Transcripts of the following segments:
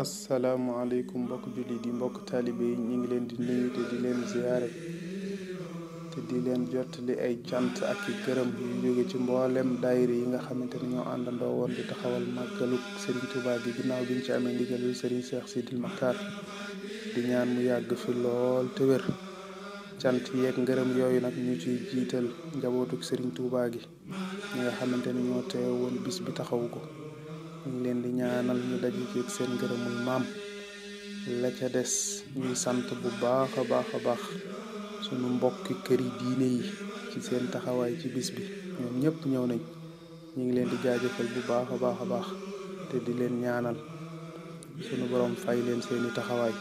asalaamaaleykum mbokk jullit di mbokk taalibe yi ñu ngi leen di nuyu te di leen ziyaare te di leen jottali ay cant ak i gërëm yu jóge ci mboolem daayira yi nga xamante ñoo àndandoo woon di taxawal màggalu Serigne Touba gi ginnaaw biñ ci amee ndigalul Serigne Cheikh Sidil Makhtar di ñaan mu yàgg fi lool te wér cant yeeg ngërëm yooyu nag ñu ciy jiital njabootuk Serigne Touba gi ñi nga xamante ne ñoo teewoon bis bi taxawu ko. ñu ngi leen di ñaanal ñu daje ci seen ngërëmul maam la ca des ñuy sant bu baax a baax a baax sunu mbokki këri diine yi ci seen taxawaay ci bis bi ñoom ñëpp ñëw nañ ñu ngi leen di jaajëfal bu baax a baax a baax te di leen ñaanal sunu boroom fay leen seeni taxawaay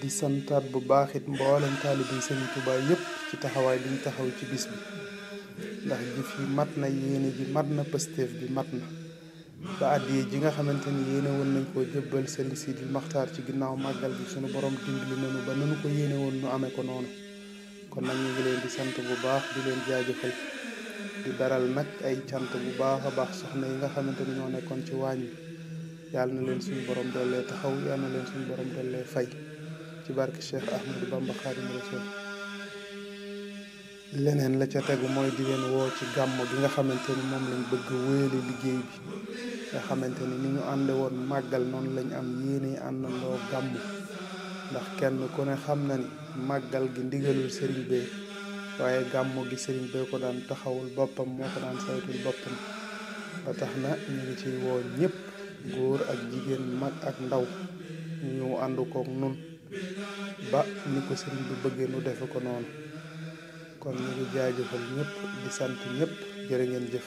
di santaat bu baaxit mboolem taalibi sëñ Tuubaa yëpp ci taxawaay bi taxaw ci bis bi ndax jëf yi mat na yéene ji mat na pësteef bi mat na ba àddiya ji nga xamante ni yéene woon nañ koo jëbbal sëriñ Sidil Maxtaar ci ginnaaw màggal bi suñu borom dimbali nañu ba nanu ko yéene woon nu amee ko noonu kon nag ñu ngi leen di sant bu baax di leen jaajëfal di baral nag ay cant bu baax a baax soxna yi nga xamante ni ñoo nekkoon ci waañ wi yàlla na leen suñu borom dollee taxaw yàlla na leen suñu borom dollee fay ci barke Cheikh Ahmadou Bamba Xaadimu Rasuul leneen la ca tegu mooy di leen woo ci gàmm bi nga xamante ni moom lañ bëgg wéyale liggéey bi nga xamante ni ni ñu ànde woon màggal noonu lañu am yéene àndandoo gàmmu ndax kenn ku ne xam na ni màggal gi ndigalul sëriñ bee waaye gàmmu gi sëriñ bee ko daan taxawul boppam moo ko daan saytul boppam ba tax na ñu ngi ci woo ñëpp góor ak jigéen mag ak ndaw ñu ñëw ànd kook nun ba ni ko sëriñ bi bëggee nu defe ko noonu kon ñu ngi jaajëfal ñëpp di sant ñëpp jërë ngeen jëf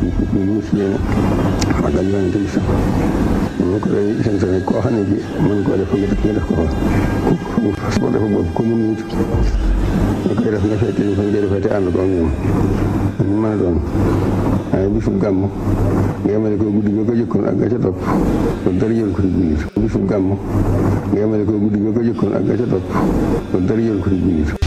ñu ngi si magal yonent bi sax ñu ko lay sant nag koo xam ne ji mën koo def nga def nga def ko fa soo defa bopp ko mun wut ñu koy def nga feete ñu koy defee te ànd mën a doon waaye bisu gàmm nga yemale ko guddi nga ko jëkkoon ak ga ca topp loolu dara jël ko ci jullit bisu gàmm nga ko guddi nga ko jëkkoon ak ga ca topp loolu dara jël ko